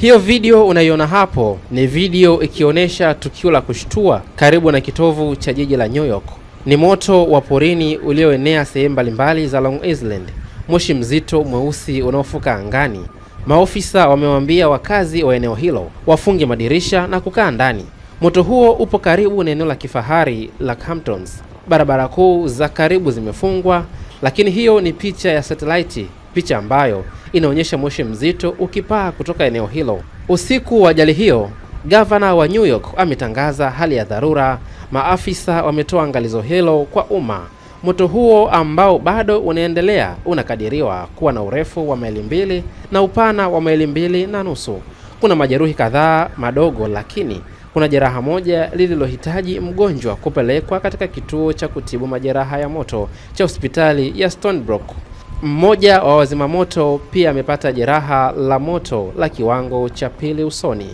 Hiyo video unaiona hapo ni video ikionyesha tukio la kushtua karibu na kitovu cha jiji la New York. Ni moto wa porini ulioenea sehemu mbalimbali za Long Island, moshi mzito mweusi unaofuka angani. Maofisa wamewaambia wakazi wa eneo hilo wafunge madirisha na kukaa ndani. Moto huo upo karibu na eneo la kifahari la Hamptons. Barabara kuu za karibu zimefungwa, lakini hiyo ni picha ya satelaiti picha ambayo inaonyesha moshi mzito ukipaa kutoka eneo hilo. Usiku wa ajali hiyo, gavana wa New York ametangaza hali ya dharura. Maafisa wametoa angalizo hilo kwa umma. Moto huo ambao bado unaendelea unakadiriwa kuwa na urefu wa maili mbili na upana wa maili mbili na nusu. Kuna majeruhi kadhaa madogo, lakini kuna jeraha moja lililohitaji mgonjwa kupelekwa katika kituo cha kutibu majeraha ya moto cha hospitali ya Stony Brook. Mmoja wa wazimamoto pia amepata jeraha la moto la kiwango cha pili usoni.